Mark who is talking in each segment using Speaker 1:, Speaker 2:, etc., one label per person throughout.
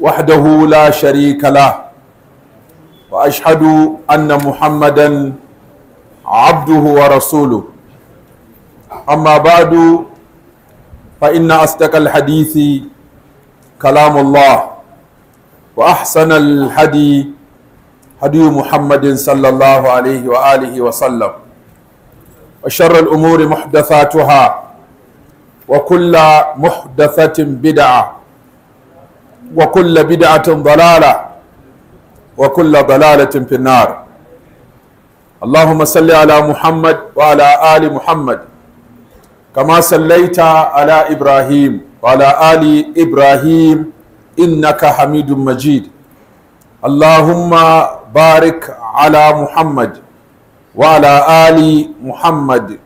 Speaker 1: وحده لا شريك له واشهد ان محمدا عبده ورسوله اما بعد فان اصدق الحديث كلام الله واحسن الهدي هدي محمد صلى الله عليه واله وسلم وشر الامور محدثاتها وكل محدثه بدعه وكل بدعة ضلالة وكل ضلالة في النار اللهم صل على محمد وعلى آل محمد كما صليت على إبراهيم وعلى آل إبراهيم إنك حميد مجيد اللهم بارك على محمد وعلى آل محمد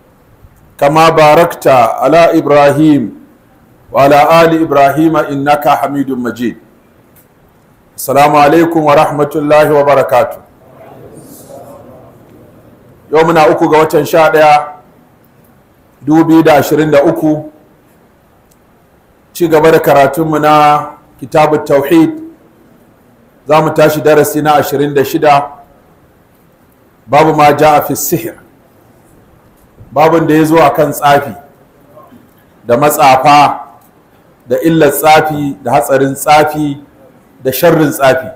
Speaker 1: كما باركت على إبراهيم Wa alaali Ibrahim innaka Inaka Hamidun Muje. Salamu alaikum wa rahmatullahi wa barakatu. Yomuna uku ga watan sha ɗaya, dubi da ashirin ci gaba da karatun mu na kitabu Tauhid. zamu tashi darasi na ashirin da shida. Babu ma ja a sihir. babun da ya zo a kan tsafi da matsafa. da illar tsafi da hatsarin tsafi da sharrin tsafi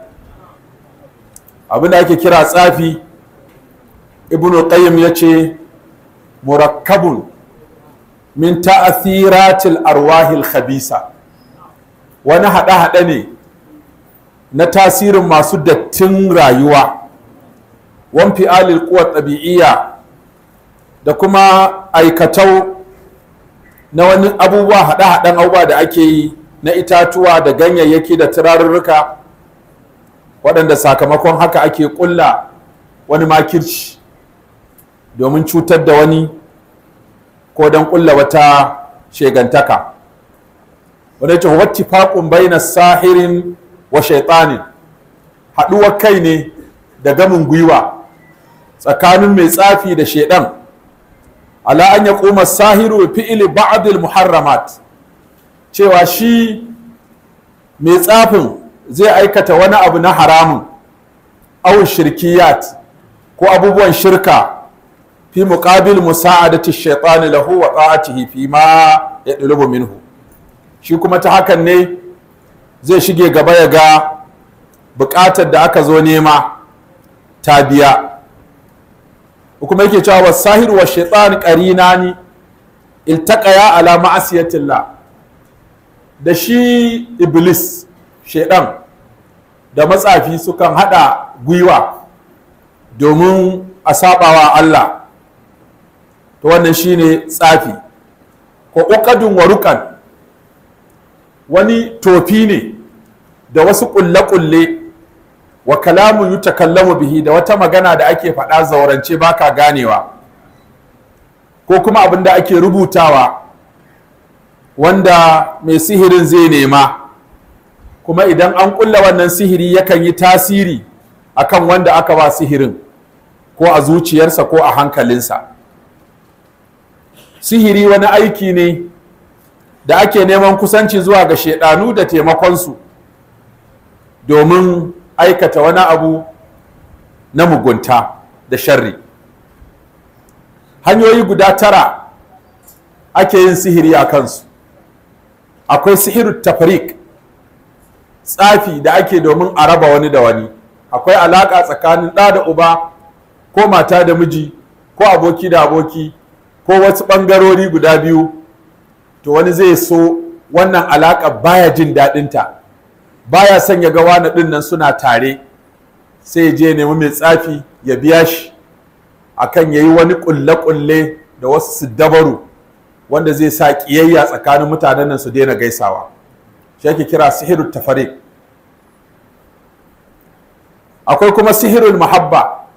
Speaker 1: abinda ake kira tsafi ibn qayyim ya ce murakkabun min ta'athiratil arwahil khabisa wani haɗe-haɗe ne na tasirin masu dattin rayuwa wamfi alil kuwa ɗabi'iyya da kuma aikatau na wani abubuwa haɗe-haɗen abubuwa da ake yi na itatuwa da ganyayyaki da turarurruka waɗanda sakamakon haka ake ƙulla wani makirci domin cutar da wani ko don ƙulla wata shegantaka wanda ce wacce faƙun baina sahirin wa shaitanin haɗuwar kai ne da gamin gwiwa tsakanin mai tsafi da shaiɗan. ala an kuma sahiru fi ili ba'adil muharramat cewa shi mai tsafin zai aikata wani abu na haramun au shirkiyat ko abubuwan shirka fi muqabil musa'adati shaytan lahu wa ta'atihi fi ma yadlubu minhu shi kuma ta hakan ne zai shige gaba ya ga bukatar da aka zo nema ta biya kuma yake cewa wa sahir wa shaitan qarinani ya ala ma'asiyatillah da shi iblis shaidan da matsafi sukan hada gwiwa domin a sabawa Allah to wannan shine tsafi ko uqadun warukan wani tofi ne da wasu ƙulle-ƙulle. wa kalamu yutakallamu bihi da wata magana da ake faɗa zaurance baka ganewa ko kuma abin da ake rubutawa wanda mai sihirin zai nema kuma idan an ƙulla wannan sihiri yakan yi tasiri a kan wanda aka ba sihirin ko a zuciyarsa ko a hankalinsa sihiri wani aiki ne da ake neman kusanci zuwa ga shaidanu da taimakonsu domin aikata wani abu na mugunta da sharri hanyoyi guda tara ake yin sihiri a kansu akwai sihiru tafrik tsafi da ake domin a raba wani da wani akwai alaƙa tsakanin ɗa da uba ko mata da miji ko aboki da aboki ko wasu ɓangarori guda biyu to wani zai so wannan alaƙa baya jin daɗinta baya son ya ga wani ɗin nan suna tare sai ya je nemi mai tsafi ya biya shi akan ya yi wani ƙulle-ƙulle da wasu su dabaru wanda zai sa ƙiyayya tsakanin mutanen nan su daina gaisawa shi ake kira sihirul tafarik akwai kuma sihirul mahabba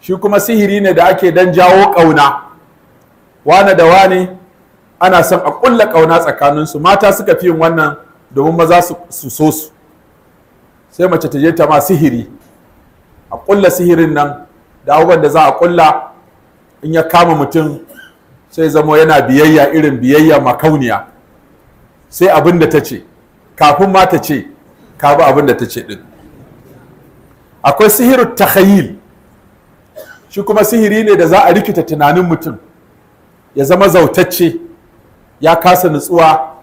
Speaker 1: shi kuma sihiri ne da ake dan jawo ƙauna wane da wane ana son a ƙulla ƙauna tsakaninsu mata suka fi yin wannan domin maza su so su sai mace ta je ta ma sihiri a ƙulla sihirin nan da abubuwan da za a ƙulla in ya kama mutum sai zama yana biyayya irin biyayya makauniya sai abin da ta ce kafin ma ta ce ka abin da ta ce din akwai sihirin takhayil shi kuma sihiri ne da za a rikita tunanin mutum ya zama zautacce ya kasa nutsuwa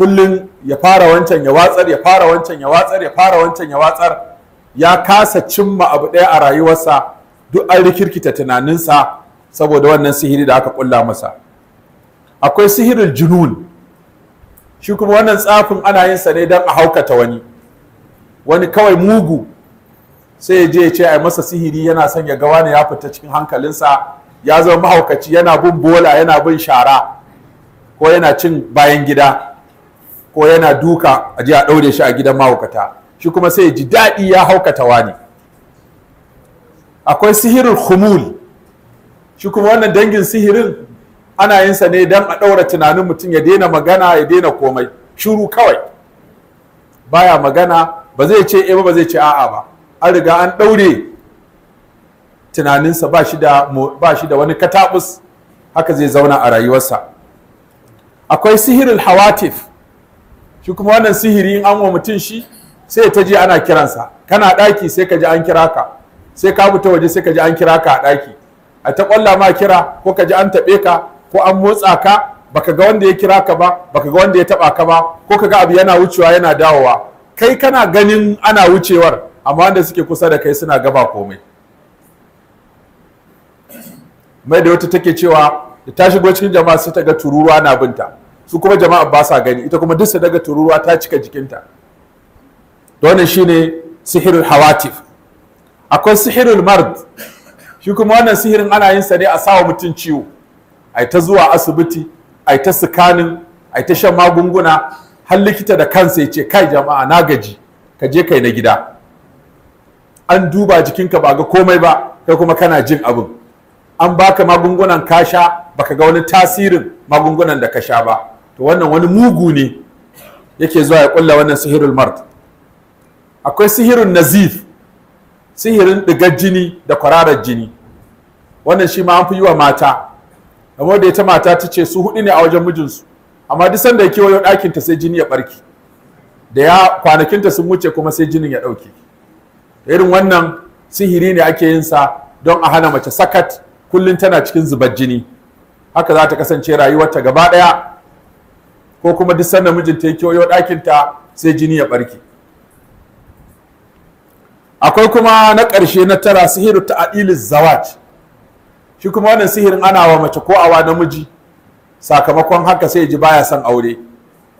Speaker 1: kullum ya fara wancan ya watsar ya fara wancan ya watsar ya fara wancan ya watsar ya kasa cimma abu ɗaya a rayuwarsa duk an rikirkita tunaninsa saboda wannan sihiri da aka kulla masa akwai sihirin junun shi kuma wannan tsafin ana yin sa ne don a haukata wani wani kawai mugu sai ya je ya ce a masa sihiri yana son ya ga wani ya fita cikin hankalinsa ya zama mahaukaci yana bin bola yana bin shara ko yana cin bayan gida ko yana duka a ji a ɗaure shi a gidan mahaukata shi kuma sai ji daɗi ya haukata ne. akwai sihirin humul shi kuma wannan dangin sihirin ana yin sa ne don a ɗaura tunanin mutum ya daina magana ya daina komai shuru kawai baya magana ba zai ce e ba zai ce a'a ba an riga an ɗaure tunaninsa ba shi da wani katabus haka zai zauna a rayuwarsa akwai sihirin hawatif shi kuma wannan sihiri in an wa mutum shi sai ta ji ana kiransa kana ɗaki sai ka ji an kira ka sai ka fita waje sai ka ji an kira ka a ɗaki a ta ƙwalla ma kira ko ka ji an taɓe ka ko an motsa ka baka ga wanda ya kira ka ba baka ga wanda ya taɓa ka ba ko ka ga abu yana wucewa yana dawowa kai kana ganin ana wucewar amma wanda suke kusa da kai suna gaba komai mai da wata take cewa da ta shigo cikin jama'a sai ta ga tururuwa na binta su kuma jama'a ba sa gani ita kuma duk daga tururuwa ta cika jikinta wannan shine sihirul hawatif akwai sihirul mard shi kuma wannan sihirin ana yin sa ne a sawa mutum ciwo ai ta zuwa asibiti ai ta sikanin ai ta shan magunguna har likita da kansa ya ce kai jama'a na gaji ka je kai na gida an duba jikinka ba ga komai ba kai kuma kana jin abin an baka magungunan kasha sha baka ga wani tasirin magungunan da ka sha ba to wannan wani mugu ne yake zuwa ya kulla wannan sihirul mart akwai sihirun nazif sihirin digar jini da kwararar jini wannan shi ma an fi yi wa mata amma da ita mata ta ce su hudu ne a wajen mijinsu amma duk sanda ya kewayo ɗakinta sai jini ya barki da ya kwanakinta sun wuce kuma sai jinin ya ɗauke irin wannan sihiri ne ake yin sa don a hana mace sakat kullum tana cikin zubar jini haka za ta kasance rayuwarta gaba ɗaya ko kuma duk sanda ta ya kewayo ɗakinta sai jini ya barke akwai kuma na ƙarshe na tara sihiru adilis zawat shi kuma wannan sihirin ana wa mace ko awa namiji sakamakon haka sai ji baya son aure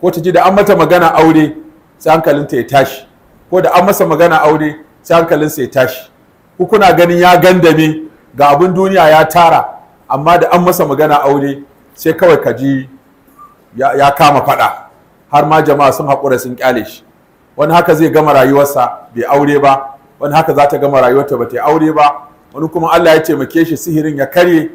Speaker 1: ko ta ji da an mata magana aure sai hankalinta ya tashi ko da an masa magana aure sai hankalinsa ya tashi ku ganin ya gandame ga abin duniya ya tara amma da an masa magana aure sai kawai ka ji ya kama faɗa har ma jama'a sun haƙura sun kyale shi wani haka zai gama rayuwarsa bai aure ba wani haka za ta gama rayuwarta ba ta aure ba wani kuma Allah ya taimake shi sihirin ya karye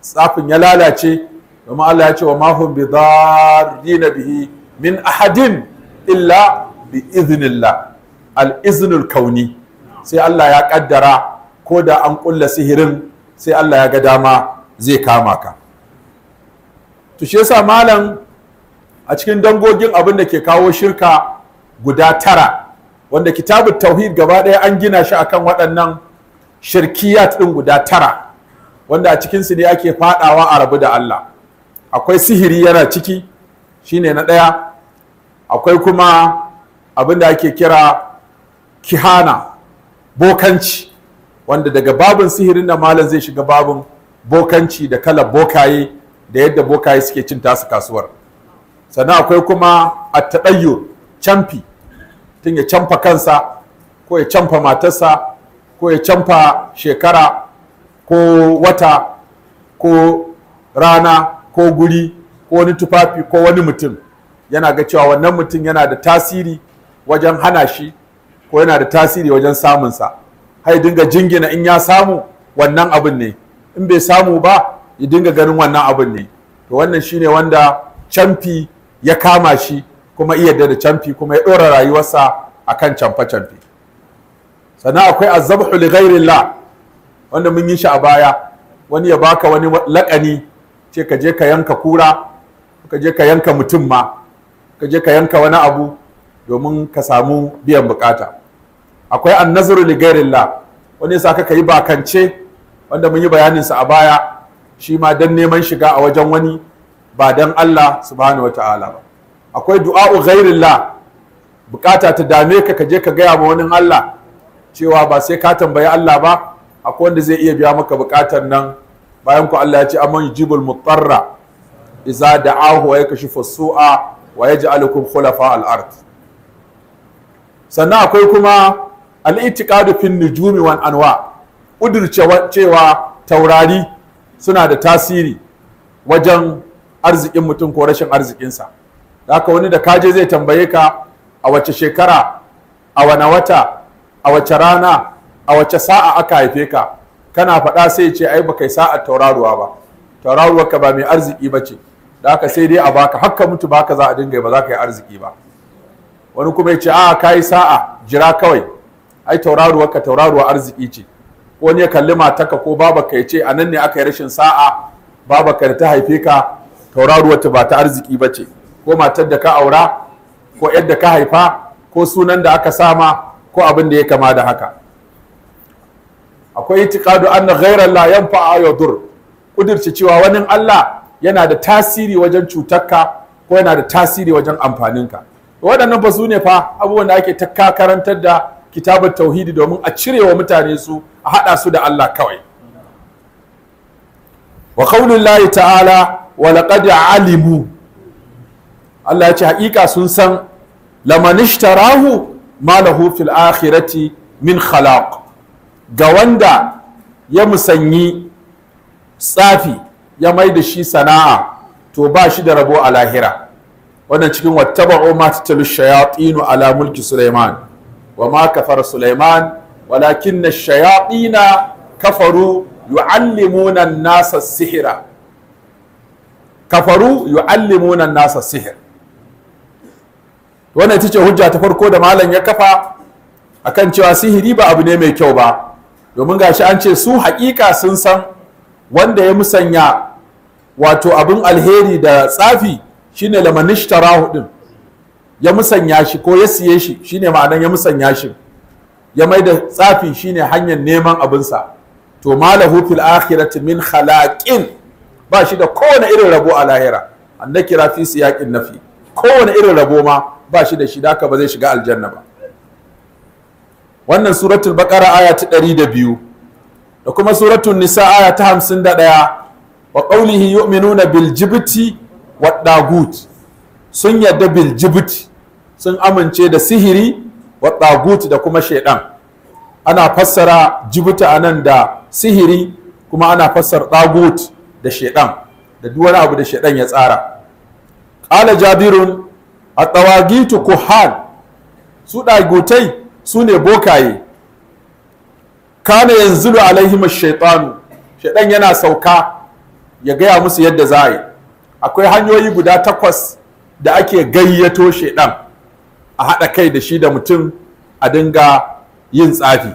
Speaker 1: tsafin ya lalace domin Allah ya ce wa mahum bi dharrina bihi min ahadin illa bi iznillah al iznul kauni sai Allah ya kaddara ko da an kulla sihirin sai Allah ya ga dama zai kama ka to shi yasa malam a cikin dangogin abin da ke kawo shirka guda tara wanda kitabun tauhid gaba ɗaya an gina shi akan waɗannan shirkiyat ɗin guda tara wanda a cikinsu ne ake faɗawa a rabu da Allah akwai sihiri yana ciki shine na ɗaya akwai kuma abin da ake kira kihana bokanci wanda daga babin sihirin da malam zai shiga babin bokanci da kalar bokaye da yadda bokaye suke cin tasu kasuwar sannan akwai kuma a taɗayyo camfi tun ya camfa kansa ko ya camfa matarsa ko ya camfa shekara ko wata ko rana ko guri ko wani tufafi ko wani mutum yana ga cewa wannan mutum yana da tasiri wajen hana shi ko yana da tasiri wajen samunsa hai dinga jingina in ya samu wannan abin ne in bai samu ba ya dinga ganin wannan abin ne to wannan shine wanda camfi ya kama shi kuma iya da camfi kuma ya ɗora rayuwarsa a kan camfe canfe sannan akwai azabhu li la wanda mun yi shi a baya wani ya baka wani laƙani ce ka je ka yanka kura ka je ka yanka mutum ma ka je ka yanka wani abu domin ka samu biyan bukata akwai annazuru li la wani yasa ka yi bakance wanda mun yi bayanin sa a baya shi ma don neman shiga a wajen wani ba dan Allah subhanahu wata'ala ba akwai du'a'u ghairillah bukata ta dame ka ka je ka gaya ma wani Allah cewa ba sai ka tambayi Allah ba akwai wanda zai iya biya maka bukatar nan bayan ku Allah ya ce amman yujibul mutarra iza da'ahu wa yakshifu su'a wa yaj'alukum khulafa al-ard sannan akwai kuma al-i'tiqadu fin nujumi wan anwa udurce cewa taurari suna da tasiri wajen arzikin mutum ko rashin arzikinsa haka wani da kaje zai tambaye ka a wace shekara a wane wata a wace rana a wace sa'a aka haife ka kana faɗa sai ce ai baka sa'a tauraruwa ba tauraruwa ka ba mai arziki ba ce da haka sai dai a baka hakka mutu baka za a dinga ba za ka yi arziki ba wani kuma ya ce a ka yi sa'a jira kawai ai tauraruwa ka tauraruwa arziki ce wani ya kalli mataka ko babaka ya ce a nan ne aka yi rashin sa'a babaka da ta haife ka tauraruwar ta ba ta arziki ba ce ko matar da ka aura ko yadda ka haifa ko sunan da aka sama ko abin da ya kama da haka akwai itikadu itiqadu anna ghayra la yanfa'a dur kudirce cewa wani Allah yana da tasiri wajen cutarka ko yana da tasiri wajen amfaninka waɗannan ba su ne fa abubuwan da ake ta karantar da kitabar tauhidi domin a cire wa mutane su a haɗa su da Allah kawai wa qaulullahi ta'ala walaƙad alimu Allah ya ce haƙiƙa sun san lamanishtarahu ma lahu fil akhirati min khalaq ga wanda ya musanyi tsafi ya mai da shi sana'a to ba shi da rabo a lahira wannan cikin wattaba'u ma tatalu shayatinu ala mulki Sulaiman wa ma kafara Sulaiman na shayatina kafaru yu'allimuna an-nasa sihira kafaru yu'allimuna nasa sihir wannan ita ce hujja ta farko da malam ya kafa akan cewa sihiri ba abu ne mai kyau ba domin ga shi an ce su haƙiƙa sun san wanda ya musanya wato abin alheri da tsafi shine lamanishtarahu din ya musanya shi ko ya siye shi shine ma'anan ya musanya shi ya mai da tsafi shine hanyar neman abinsa to malahu fil akhirati min khalaqin ba shi da kowane irin rabo a lahira kira fi siyaqin nafi kowane irin rabo ma ba shi da shi da ba zai shiga aljanna ba wannan suratul baqara aya ta 102 da kuma suratun nisa aya ta 51 wa qawlihi yu'minuna bil jibti wa dagut sun yadda biljibiti, sun amince da sihiri wa dagut da kuma shaidan ana fassara jibuta nan da sihiri kuma ana fassara dagut da shaidan da duk wani abu da shaidan ya tsara Ƙala jabirun atawagitu kuhan su dagutai su ne bokaye kana yanzu alaihim shaitanu shaidan yana sauka ya gaya musu yadda za a yi akwai hanyoyi guda takwas da ake gayyato shaidan a haɗa kai da shi da mutum a dinga yin tsafi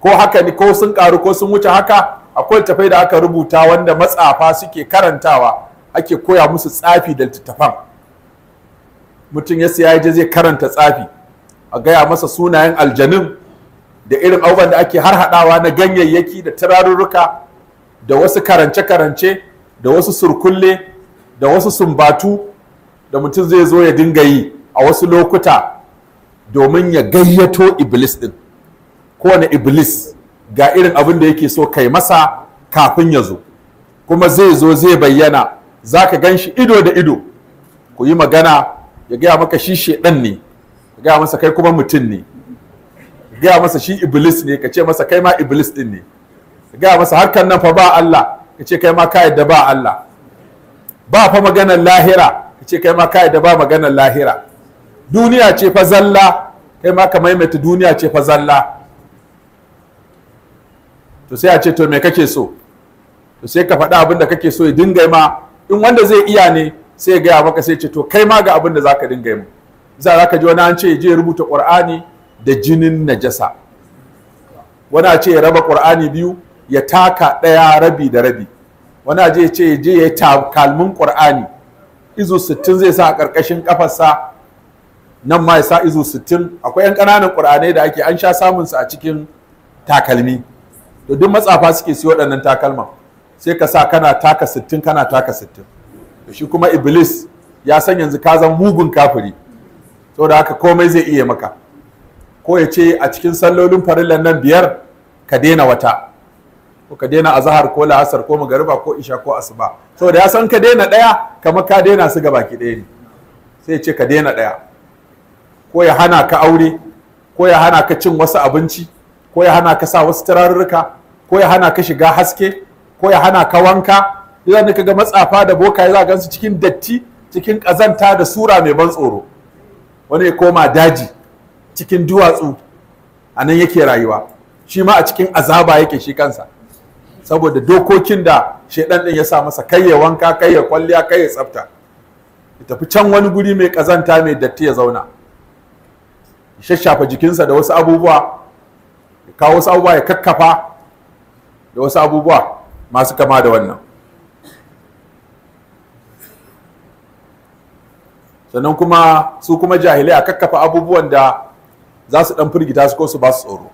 Speaker 1: ko haka ne ko sun ƙaru ko sun wuce haka akwai tafai da aka rubuta wanda matsafa suke karantawa ake koya musu tsafi da littattafan mutum ya siya je zai karanta tsafi a gaya masa sunayen aljanin da irin abubuwan da ake harhaɗawa na ganyayyaki da turarurruka da wasu karance-karance da wasu surkulle da wasu sumbatu da mutum zai zo ya dinga yi a wasu lokuta domin ya gayyato iblis ɗin kowane iblis ga irin abin da yake so kai masa kafin ya zo kuma zai zo zai bayyana za ka gan shi ido da ido ku yi magana ya gaya maka shi shaidan ne Ya gaya masa kai kuma mutum ne Ya gaya masa shi iblis ne ka ce masa kai ma iblis din ne Ya gaya masa harkar nan fa ba Allah ka ce kai ma ka yadda ba Allah ba fa maganar lahira ka ce kai ma ka yadda ba maganar lahira duniya ce fa zalla kai ma ka maimaita duniya ce fa zalla to sai a ce to me kake so to sai ka faɗa abin da kake so ya dinga ma in wanda zai iya ne sai ya gaya maka sai ce to kai ma ga abin da zaka dinga mu za ka ji wani an ce je rubuta qur'ani da jinin najasa wani a ce ya raba qur'ani biyu ya taka ɗaya rabi da rabi wani a je ce je ya takalmin qur'ani izu 60 zai sa a karkashin kafarsa nan ma ya sa izu 60 akwai 'yan ƙananan ƙur'anai da ake an sha samun su a cikin takalmi to duk matsafa suke siyo waɗannan takalma sai ka sa kana taka sittin kana taka sittin to shi kuma iblis ya san yanzu ka zan mugun kafiri saboda haka komai zai iya maka ko ya ce a cikin sallolin farillan nan biyar ka daina wata ko ka daina azahar ko la'asar ko magariba ko isha ko asuba saboda ya san ka daina ɗaya kamar ka daina su ga baki ɗaya ne sai ya ce ka daina ɗaya ko ya hana ka aure ko ya hana ka cin wasu abinci ko ya hana ka sa wasu turarurruka ko ya hana ka shiga haske ko ya hana ka wanka idan ka ga matsafa da bokaye za gansu cikin datti cikin ƙazanta da sura mai ban tsoro wani ya koma daji cikin duwatsu a nan yake rayuwa shi ma a cikin azaba yake shi kansa saboda dokokin da shaidan din ya sa masa kai ya wanka kai ya kwalliya kai ya tsafta ya tafi can wani guri mai kazanta mai datti ya zauna ya shashafa jikinsa da wasu abubuwa ya kawo wasu abubuwa ya kakkafa da wasu abubuwa masu kama da wannan sannan kuma su kuma jahilai a kakkafa abubuwan da za su dan firgita su ko su ba su tsoro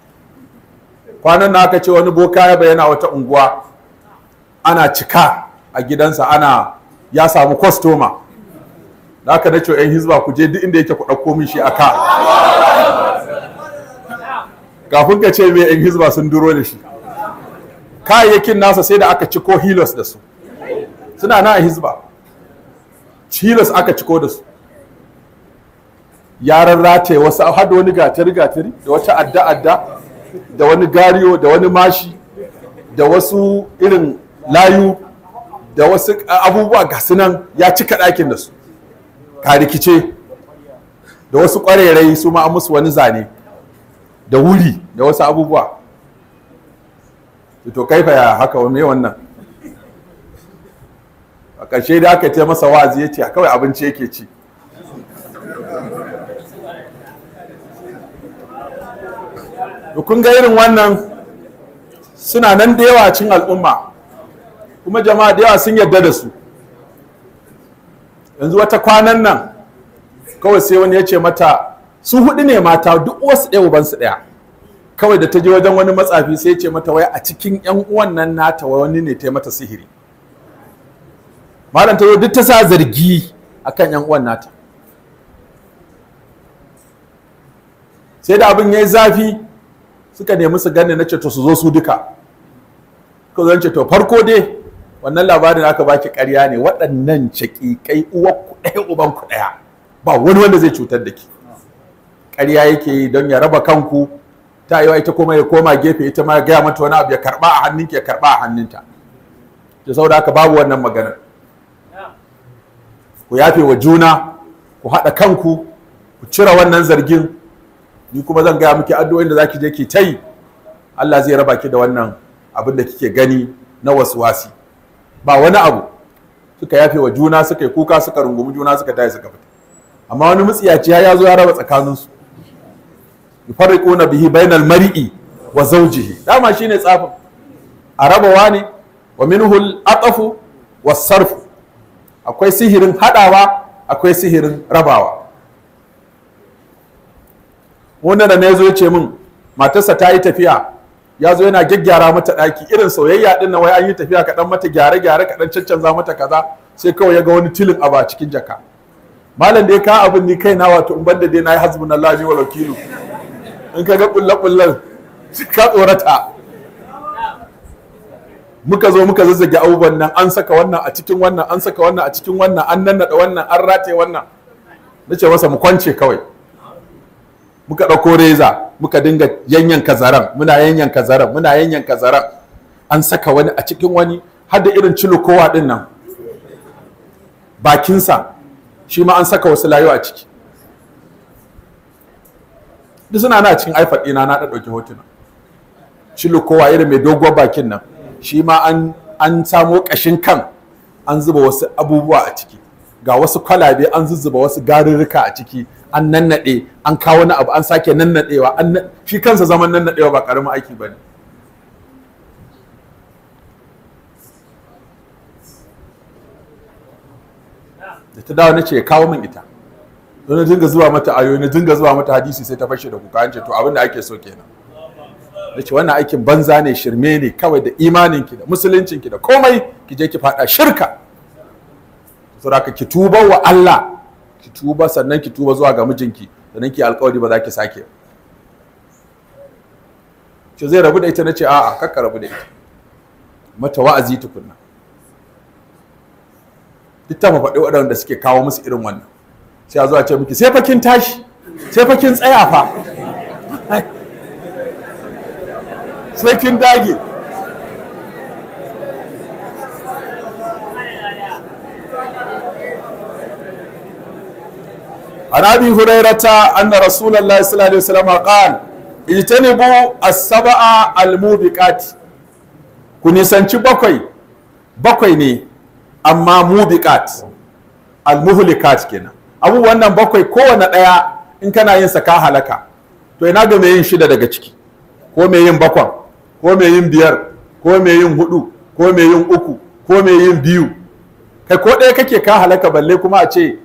Speaker 1: kwanan na aka ce wani boka ya bayyana wata unguwa ana cika a gidansa ana ya samu kwastoma da aka na wa 'yan hizba ku je duk inda yake ku ɗauko min shi a ka kafin ka ce me 'yan hizba sun duro da shi kayayyakin nasa sai da aka ciko hilos da su suna na a hizba hilos aka ciko da su yaran rataye wasu har wani gatari-gatari da wata adda-adda da wani gariyo da wani mashi da wasu irin layu da wasu abubuwa ga sunan ya cika ɗakin da su ka rikice da wasu ƙwararrai su ma musu wani zane da wuri da wasu abubuwa to kaifa ya haka wa wannan a ƙarshe da aka ce masa wa'azi ya ce kawai abinci yake ci ga irin wannan suna nan da yawa cin al'umma kuma jama'a da yawa sun yarda da su yanzu wata kwanan nan kawai sai wani ya ce mata su hudu ne mata duk wasu ɗaya ubansu ɗaya kawai da ta je wajen wani matsafi sai ce mata wai a cikin yan uwan nan nata wani ne ta mata sihiri malam ta zo duk ta sa zargi akan yan uwan nata sai da abin ya yi zafi suka nemi su gane na ce to su zo su duka ko zan ce to farko dai wannan labarin aka baki ƙarya ne waɗannan caƙiƙai ku ɗaya ku ɗaya ba wani wanda zai cutar da ki ƙarya yake yi don ya raba kanku ta yi ita komai ya koma gefe ita ma gaya mata wani abu ya karba a hannunki ya karba a hannunta to da haka babu wannan magana. ku yafe wa juna ku haɗa kanku ku cire wannan zargin ni kuma zan gaya miki addu'o'in da za ki je ki ta yi Allah zai raba ki da wannan abin da kike gani na waswasi ba wani abu suka yafe wa juna suka yi kuka suka rungumi juna suka tayi suka fita amma wani mutsiyaci ya zo ya raba tsakaninsu yufarriquna bihi bainal mar'i wa zawjihi dama shine tsafin a raba wani wa minhu al atfu was-sarfu akwai sihirin hadawa akwai sihirin rabawa wanda da na zo ya ce min matarsa ta yi tafiya ya zo yana gyaggyara mata ɗaki irin soyayya din na wai an yi tafiya kaɗan mata gyare-gyare kaɗan caccanza mata kaza sai kawai ya ga wani tilin a ba cikin jaka malam da ya kawo abin ni kai na wato in banda dai na yi hasbun Allah wa wakilu in ka ga kullakullan ka tsorata muka zo muka zazzage abubuwan nan an saka wannan a cikin wannan an saka wannan a cikin wannan an nannaɗa wannan an rataye wannan nace masa mu kwance kawai muka ɗauko reza muka dinga yanyan kazaran muna yanyan kazaran muna yanyan kazaran an saka wani a cikin wani har da irin kowa ɗin nan bakinsa shi ma an saka wasu layo a ciki duk suna na cikin iPad ɗina na da ɗauki hotuna shi kowa irin mai doguwar bakin nan shi ma an an samo ƙashin kan an zuba wasu abubuwa a ciki ga wasu kwalabe an zuzzuba wasu garurruka a ciki an nannaɗe an kawo wani abu an sake nannaɗewa an shi kansa zaman nannaɗewa ba ƙaramin aiki ba ne da ta dawo na ce ya kawo min ita na dinga zuwa mata ayo dinga zuwa mata hadisi sai ta fashe da kuka an ce to abin da ake so kenan nace wannan aikin banza ne shirme ne kawai da imanin ki da musuluncin ki da komai ki je ki fada shirka saboda ki tuba wa Allah ki tuba sannan ki tuba zuwa ga mijinki sannan ki alƙawari ba za ki sake ce zai rabu da ita nace a'a kakka rabu da ita mata wa'azi tukunna duk ta faɗi waɗanda suke kawo musu irin wannan sai zuwa zo ce miki sai fakin tashi sai fakin tsaya fa sai kin dage an hurairata anna da rasulallah sallallahu alaihi wasallam qaal ijtanibu as-sab'a al-mubiqat ku nisanci bakwai bakwai ne amma mubiqat al-muhlikat kenan abubuwan nan bakwai kowane ɗaya in kana yin sa ka halaka to ina ga mai yin shida daga ciki ko mai yin bakwan ko mai yin biyar ko mai yin hudu ko mai yin uku ko mai yin biyu kai ko ɗaya kake ka halaka balle kuma a ce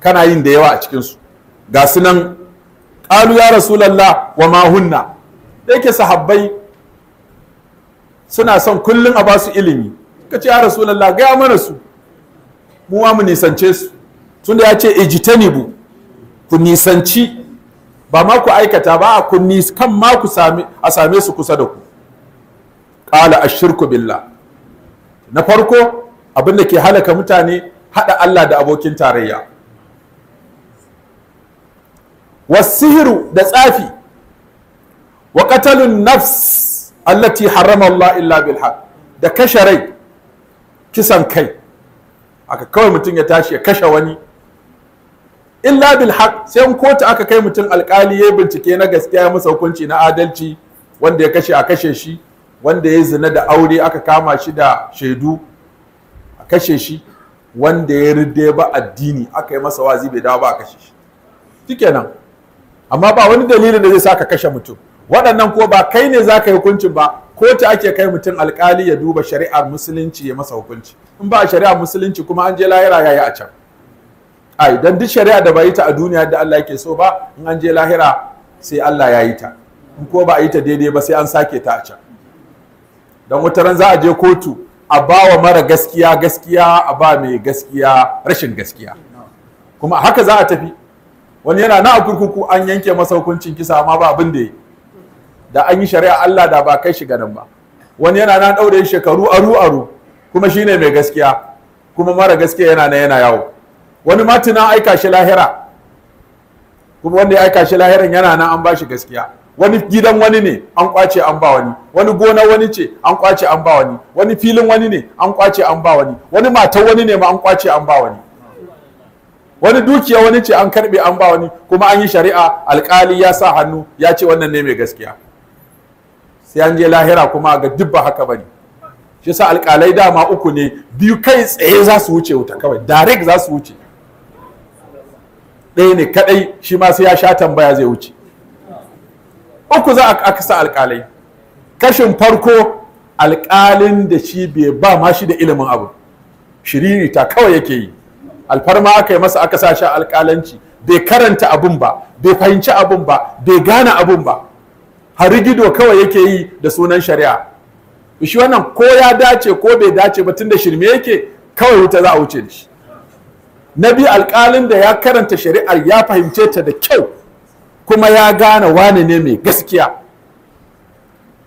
Speaker 1: kana yin da yawa a cikinsu ga su nan qalu ya rasulullah wa ma hunna da yake sahabbai suna son kullum a basu ilimi kace ce ya lalla gaya mana su mu wa mu nisance su tunda ya ce ijitanibu ku nisanci ba ma ku aikata ba ku kan ma ku sami a same su kusa da ku qala ashirku billah na farko abinda ke halaka mutane hada Allah da abokin tarayya wasihiru da tsafi wa qatalun nafs allati harrama Allah illa bil da kashe rai kisan kai aka kawai mutum ya tashi ya kashe wani illa bil haq sai in kotu aka kai mutum alkali ya bincike na gaskiya ya masa hukunci na adalci wanda ya kashe a kashe shi wanda ya zina da aure aka kama shi da shaidu a kashe shi wanda ya rida ba addini aka yi masa wazi bai dawo ba a kashe shi shikenan amma ba wani dalilin da zai sa ka kashe mutum waɗannan ko ba kai ne zaka yi hukuncin ba kotu ake kai mutum alkali ya duba shari'ar musulunci ya masa hukunci in ba shari'ar musulunci kuma an je lahira yayi a can ai dan duk shari'a da bai ta a duniya da Allah yake so ba in an je lahira sai Allah ya yi ta in ko ba a yi ta daidai ba sai an sake ta a can dan wata za a je kotu a ba wa mara gaskiya gaskiya a ba mai gaskiya rashin gaskiya kuma haka za a tafi wani yana na kurkuku an yanke masa hukuncin kisa amma ba abin da yi da an yi shari'a Allah da ba kai shi ganin ba wani yana na daure shekaru aru aru kuma shine mai gaskiya kuma mara gaskiya yana na yana yawo wani matina aika shi lahira kuma wanda ya aika shi lahiran yana nan an bashi gaskiya wani gidan wani ne an kwace an ba wani wani gona wani ce an kwace an ba wani wani filin wani ne an kwace an ba wani wani matan wani ne ma an kwace an ba wani wani dukiya wani ce an karbe an ba wani kuma an yi shari'a alkali ya sa hannu ya ce wannan ne mai gaskiya sai an je lahira kuma ga dubba haka bane shi sa alkalai dama uku ne biyu kai tsaye za su wuce wuta kawai direct za su wuce ɗaya ne kaɗai shi ma sai ya sha tambaya zai wuce uku za a kasa alƙalai kashin farko alƙalin da shi bai ba ma shi da ilimin abu shiriri ta kawai yake yi alfarma aka yi masa aka sa shi alƙalanci bai karanta abun ba bai fahimci abun ba bai gane abun ba harigido kawai yake yi da sunan shari'a shi wannan ko ya dace ko bai dace ba tun da shirme yake kawai wuta za a wuce da shi na biyu alƙalin da ya karanta shari'ar ya fahimce ta da kyau kuma ya gane wane ne mai gaskiya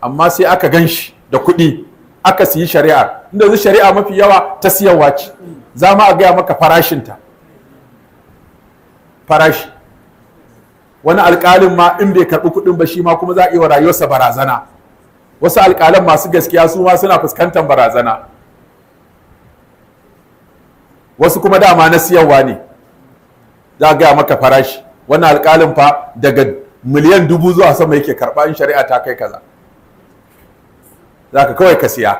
Speaker 1: amma sai aka gan shi da kuɗi aka siyi shari'ar inda zai shari'a mafi yawa ta siyarwa ce za ma a gaya maka farashinta farashi wani alƙalin ma in bai karɓi kuɗin ba shi ma kuma za a iya wa rayuwarsa barazana wasu alƙalan masu gaskiya su ma suna fuskantar barazana wasu kuma dama na siyarwa ne za a gaya maka farashi wannan alƙalin fa daga miliyan dubu zuwa sama yake karɓa in shari'a ta kai kaza za ka kawai ka siya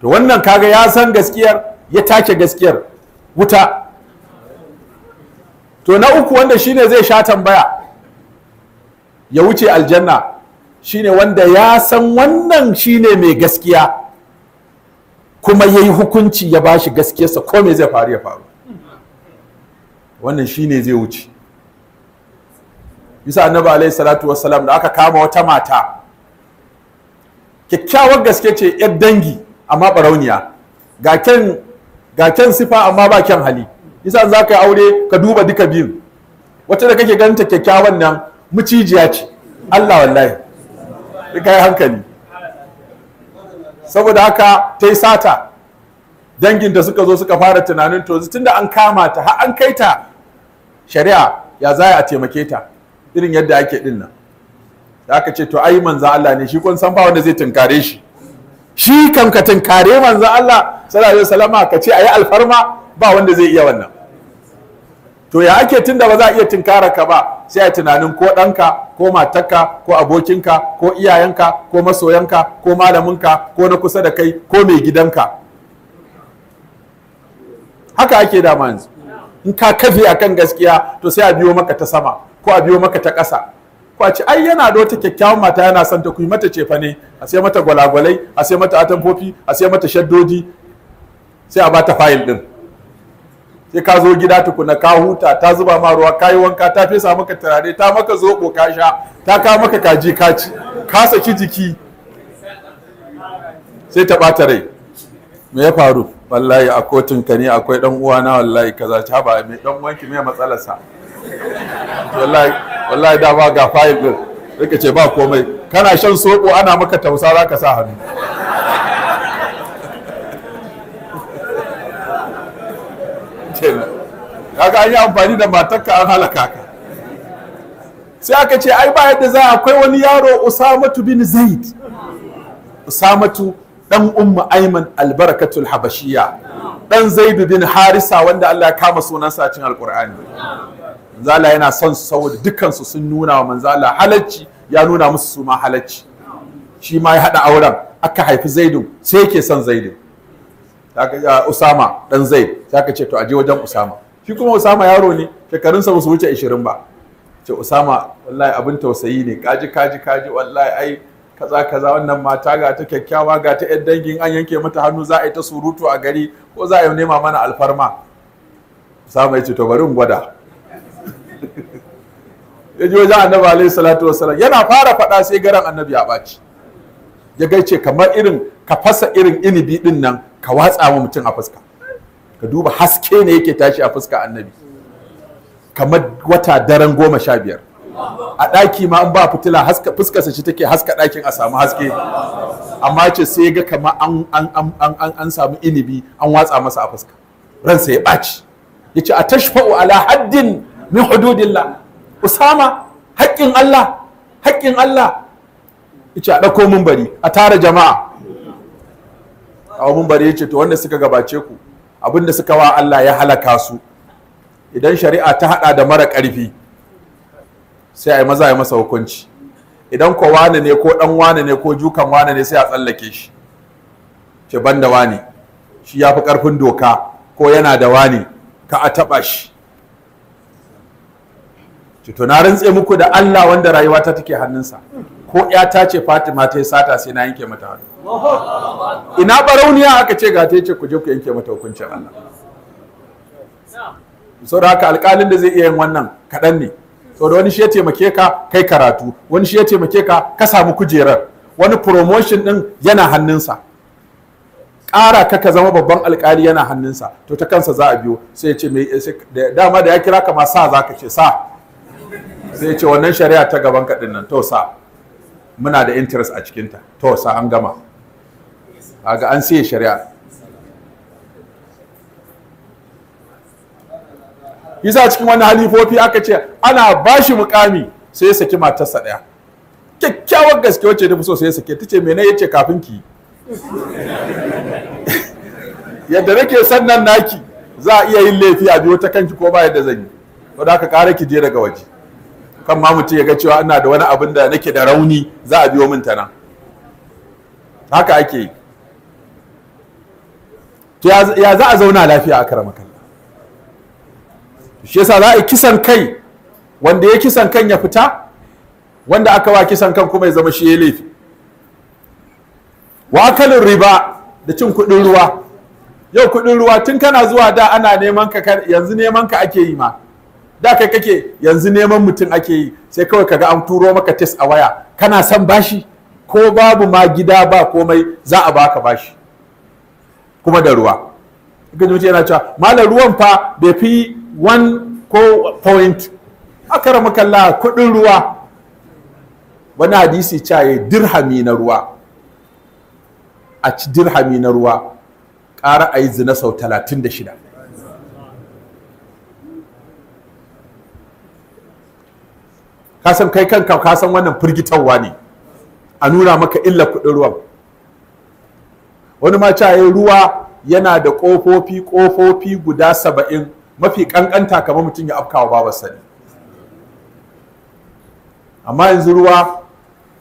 Speaker 1: to wannan kaga ya san gaskiyar ya take gaskiyar wuta to na uku wanda shine zai sha tambaya ya wuce aljanna shine wanda ya san wannan shine mai gaskiya kuma ya yi hukunci ya ba shi gaskiyarsa ko me zai faru ya faru wannan shi ne zai wuce bisa annabi alaihi salatu wassalam da aka kama wata mata kyakkyawar gaske ce yar dangi amma barauniya ga kyan ga ken sifa amma ba ken hali isa za ka yi aure ka duba duka biyun wata da kake ganta kyakkyawan nan mucijiya ce Allah wallahi ka yi hankali saboda haka ta yi sata danginta suka zo suka fara tunanin to tun da an kama ta har an kai ta shari'a ya za a taimake ta irin yadda ake din nan da aka ce to ai manzan Allah ne shi kun san ba wanda zai tunkare shi shi kan ka tunkare manzan Allah sallallahu alaihi wasallama ka ce ayi alfarma ba wanda zai iya wannan to ya ake tunda ba za a iya tunkara ka ba sai a tunanin ko ɗanka ko matarka ko abokinka ko iyayenka ko masoyanka ko malaminka ko na kusa da kai ko mai gidanka haka ake dama yanzu in ka kafe akan gaskiya to sai a biyo maka ta sama ko a biyo maka ta ƙasa ko a ce ai yana da wata kyakkyawan mata yana son ta kuyi mata cefa ne a sai mata gwalagwalai a sai mata atamfofi a sai mata shaddodi sai a bata fayil din sai ka zo gida tukuna ka huta ta zuba ma ruwa ka yi wanka ta fesa maka turare ta maka zobo ka sha ta ka maka kaji ka ci ka saki jiki sai ta ɓata rai me ya faru wallahi a kotun ka ne akwai dan uwana wallahi kaza ta ba mai dan wanki mai sa wallahi wallahi da ba ga fayil din rika ce ba komai kana shan soko ana maka tausa zaka sa hannu kenan kaga an yi amfani da matarka an halaka ka sai aka ce ai ba yadda za akwai wani yaro usamatu bin zaid usamatu dan umma ayman albarakatul habashiya dan zaidu bin harisa wanda Allah ya kama sunansa a cikin alqur'ani manzala yana son su saboda dukansu sun nuna wa manzala halacci ya nuna musu su ma halacci shi ma ya haɗa auren aka haifi Zaidu sai yake son Zaidu. Usama dan Zaid sai ka ce to aje wajen Usama shi kuma Usama yaro ne shekarun sa su wuce 20 ba ce Usama wallahi abin tausayi ne kaji kaji kaji wallahi ai kaza kaza wannan mata ga ta kyakkyawa ga ta yan dangin an yanke mata hannu za a yi ta surutu a gari ko za a yi nema mana alfarma Usama ya ce to bari in gwada ya ji wajen annabi alaihi salatu wasalam yana fara faɗa sai garan annabi ya ɓaci ya gaice kamar irin ka fasa irin inibi din nan ka watsa wa mutum a fuska ka duba haske ne yake tashi a fuska annabi kamar wata daren goma sha biyar a ɗaki ma an ba fitila fuskarsa shi take haska ɗakin a samu haske amma ce sai ga kama an samu inibi an watsa masa a fuska ransa ya ɓaci ya ce a tashfa'u ala haddin min hududillah usama haƙƙin Allah haƙƙin Allah ya ce a ɗauko mun bari a tara jama'a a bari yace to wanda suka gabace ku abinda suka wa Allah ya halaka su idan shari'a ta hada da mara karfi sai a yi maza ya masa hukunci idan ko wani ne ko dan wani ne ko jukan wani ne sai a tsallake shi ce banda wani shi ya karfin doka ko yana da wani ka a taba shi to na rantse muku da Allah wanda rayuwa ta take hannunsa ko 'yata ce Fatima ta yi sata sai na yanke mata hannu ina barauniya aka ce ga ta yace ku je ku yanke mata hukuncin Allah da haka alƙalin da zai iya yin wannan kaɗan ne saboda wani shi ya taimake ka kai karatu wani shi ya taimake ka ka samu kujerar wani promotion din yana hannunsa ƙara ka ka zama babban alƙali yana hannunsa to ta kansa za a biyo sai ya ce dama da ya kira ka ma sa za ka ce sa sai ya ce wannan shari'a ta gaban ka nan to sa muna da interest a cikinta to sa an gama Aga an siya shari'a yasa cikin wani halifofi aka ce ana bashi mukami sai ya saki matarsa daya. kyakkyawar gaske wacce ta fi so sai ya sake ta ce mene ya ce kafin ki yadda nake sannan naki za a iya yin laifi a biyo ta kanki ko ba yadda zan yi da aka kara ki je daga waje kan ma mutum ya ga cewa ina da wani abin da nake da rauni za a biyo min ta nan haka ake yi ya za a zauna lafiya a karama kalla shi yasa za a yi kisan kai wanda ya kisan kan ya fita wanda aka wa kisan kan kuma ya zama shi ya laifi wa riba da cin kuɗin ruwa yau kuɗin ruwa tun kana zuwa da ana neman ka yanzu neman ka ake yi ma da kai kake yanzu neman mutum ake yi sai kawai kaga an turo maka test a waya kana son bashi ko babu ma gida ba komai za a baka bashi kuma da ruwa kaji mutum yana cewa malam ruwan fa bai fi 1 ko point rama kalla kudin ruwa wani hadisi caye dirhami na ruwa a ci dirhami na ruwa ƙara a yi zina sau talatin da 36 kasan kai kanka kasan wannan firgitarwa ne a nuna maka illa kudin ruwan wani ma ruwa yana da ƙofofi ƙofofi guda saba'in mafi ƙanƙanta kamar mutum ya afkawa babar sani. amma yanzu ruwa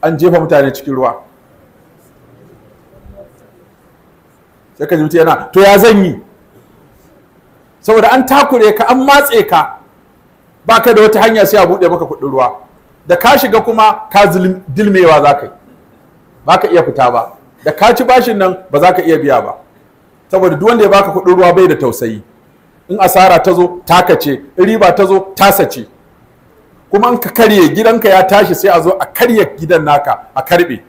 Speaker 1: an jefa mutane cikin ruwa sai ka ji yana to ya zan yi saboda an takure ka an matse ka ba ka da wata hanya sai a buɗe maka kuɗin ruwa da ka shiga kuma ka dilmewa za ka yi ba ka iya fita ba da ka ci bashin nan ba za ka iya biya ba saboda duk wanda ya baka kuɗin ruwa bai da tausayi in asara ta zo taka ce in riba ta zo tasa ce kuma in ka karye gidanka ya tashi sai a zo a karye gidan naka a karbe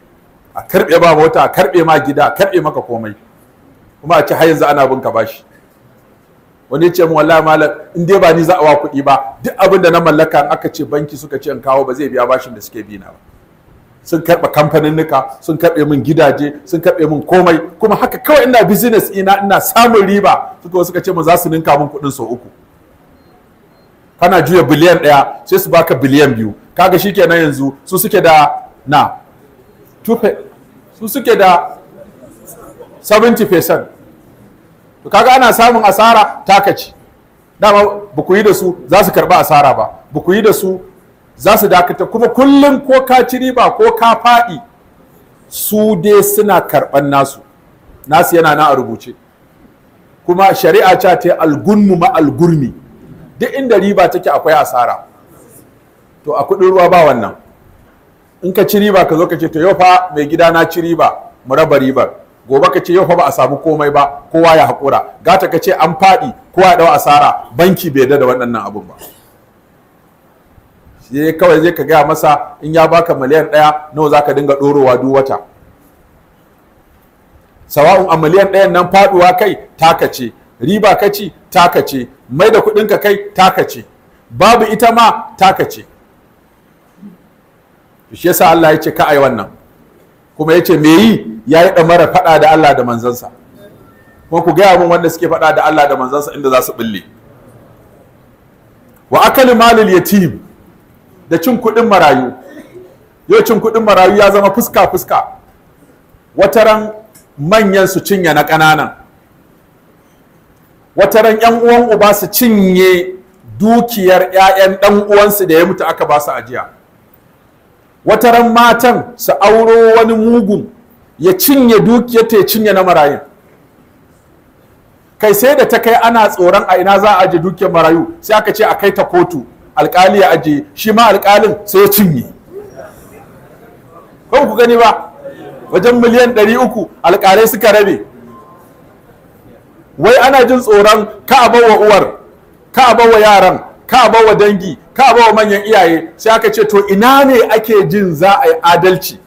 Speaker 1: a karbe ba mota a karbe ma gida a karbe maka komai kuma a ci har yanzu ana bin ka bashi wani ce min wallahi malam in dai ba ni za a wa kuɗi ba duk abin da na mallaka in aka ce banki suka ce in kawo ba zai biya bashin da suke bi na ba sun kamfanin kamfaninnika sun karɓe min gidaje sun karɓe min komai kuma haka kawai ina business ina ina samun riba suka suka ce mu za su ninka min kuɗin sau uku kana juya biliyan ɗaya sai su baka biliyan biyu kaga shikenan yanzu su suke da na tufe su suke da 70% to kaga ana samun asara takaci dama ba ku yi da su za su karɓi asara ba ba ku yi da su za su dakata kuma kullum ko ka ci riba ko ka faɗi su dai suna karɓan nasu nasu yana na a rubuce kuma shari'a ca ta algunmu ma algurmi duk inda riba take akwai asara to a kuɗin ruwa ba wannan in ka ci riba ka zo ka ce to yau fa mai gida na ci riba mu raba ribar gobe ka ce yau fa ba a samu komai ba kowa ya haƙura gata ka ce an faɗi kowa ya ɗau asara banki bai da waɗannan abun ba sai kawai zai ka gaya masa in ya baka miliyan ɗaya nawa za ka dinga ɗorowa duk wata sawa'un a miliyan ɗayan nan faɗuwa kai taka ce riba ka ci taka ce mai da kuɗinka kai taka ce babu ita ma taka ce shi yasa Allah ya ce ka ai wannan kuma yace me yi ya yi ɗamara faɗa da Allah da manzansa kuma ku gaya min wanda suke faɗa da Allah da manzansa inda za su ɓille wa akali malil yatim da cin kuɗin marayu yau cin kuɗin marayu ya zama fuska fuska wata ran manyan su cinye na ƙananan wata ran yan uwan uba su cinye dukiyar 'ya'yan ɗan uwansu da ya mutu aka ba su ajiya wata ran matan su auro wani mugun ya cinye dukiyar ta ya cinye na marayu, kai sai da ta kai ana tsoron a ina za a aje dukiyar marayu sai aka ce a kai ta kotu alkali ya ajiye shi ma alkalin sai ya cinye ba ku gani ba wajen miliyan 300 alkalai suka rabe wai ana jin tsoron ka a uwar ka a yaran ka a dangi ka a manyan iyaye sai aka ce to ina ne ake jin za a yi adalci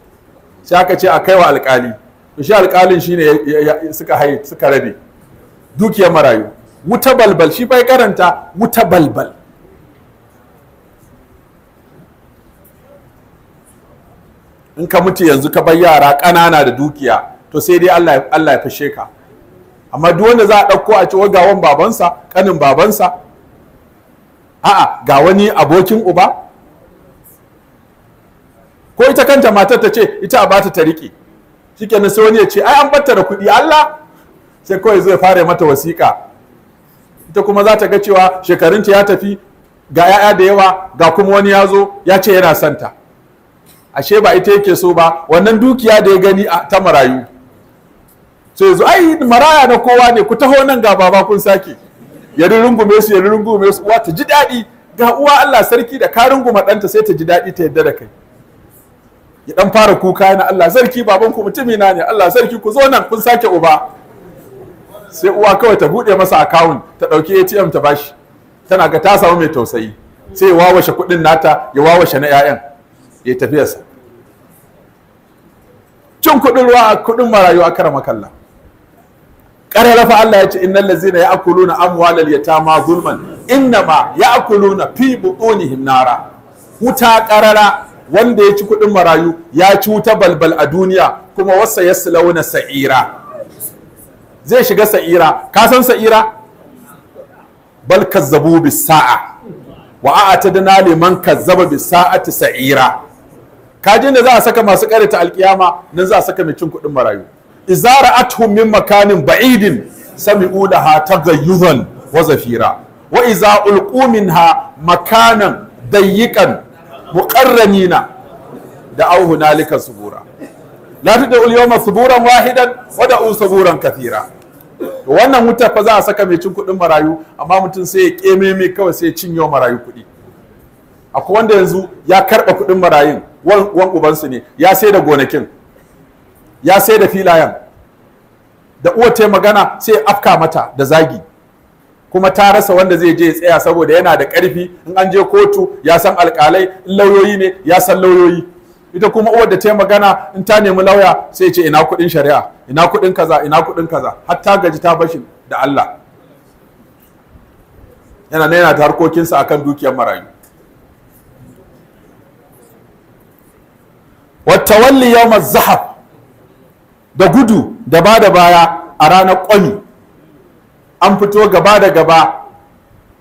Speaker 1: sai aka ce a wa alkali to shi alkalin shine suka haye suka rabe dukiyar marayu wuta balbal shi bai karanta wuta balbal in ka mutu yanzu ka bar yara ƙanana da dukiya to sai dai Allah ya fashe ka amma duk wanda za a ɗauko a ga gawan babansa ƙanin babansa a'a ga wani abokin uba ko ita kanta matar ta ce ita a bata ta riƙe shikenan sai wani ya ce ai an batta da kuɗi Allah sai kawai zai fara mata wasiƙa ita kuma za ta ga cewa shekarunta ya tafi ga 'ya'ya da yawa ga kuma wani ya zo ya ce yana santa ashe ba ita yake so ba wannan dukiya da ya gani a ta marayu sai zo ai maraya na kowa ne ku taho nan ga baba kun sake ya rungume su ya rungume su uwa ta ji daɗi ga uwa Allah sarki da ka runguma ɗanta sai ta ji daɗi ta yadda da kai ya dan fara kuka yana Allah sarki baban ku mutumi na ne Allah sarki ku zo nan kun sake uba sai uwa kawai ta bude masa account ta dauki ATM ta bashi tana ga ta samu mai tausayi sai ya wawashe kudin nata ya wawashe na 'ya'yan ya tafiyarsa cin kuɗin ruwa a kuɗin marayu a karama kalla rafa Allah ya ce na ladzina ya ta ma zulman innama na fi butunihim nara wuta ƙarara wanda ya ci kuɗin marayu ya ci wuta balbal a duniya kuma wasa ya launa sa'ira zai shiga sa'ira ka san sa'ira bal kazzabu bis sa'a wa a'tadna liman kazzaba bis sa'ati sa'ira kajin da za a saka masu karanta alkiyama nan za a saka mai cin kuɗin marayu izara athum min makanin ba'idin sami'u laha tagayyuzan wa zafira wa iza ulqu minha makanan dayyikan muqarranina da au hunalika subura la tud'u al-yawma suburan wahidan wa da'u suburan kathira wannan wuta fa za a saka mai cin kuɗin marayu amma mutum sai ya keme mai kawai sai ya cinye marayu kuɗi akwai wanda yanzu ya karɓa kuɗin marayun wan ubansu ne ya sai da gonakin ya sai da filayen da uwa ta magana sai afka mata da zagi kuma ta rasa wanda zai je ya tsaya saboda yana da ƙarfi in an je kotu ya san alkalai in lauyoyi ne ya san lauyoyi ita kuma uwa da ta magana in ta nemi lauya sai ce ina kuɗin shari'a ina kuɗin kaza ina kuɗin kaza har ta gaji ta bashi da Allah yana yana harkokinsa akan dukiyar marayu wata walli yau zahab da gudu da ba da baya a ranar kwami an fito gaba da gaba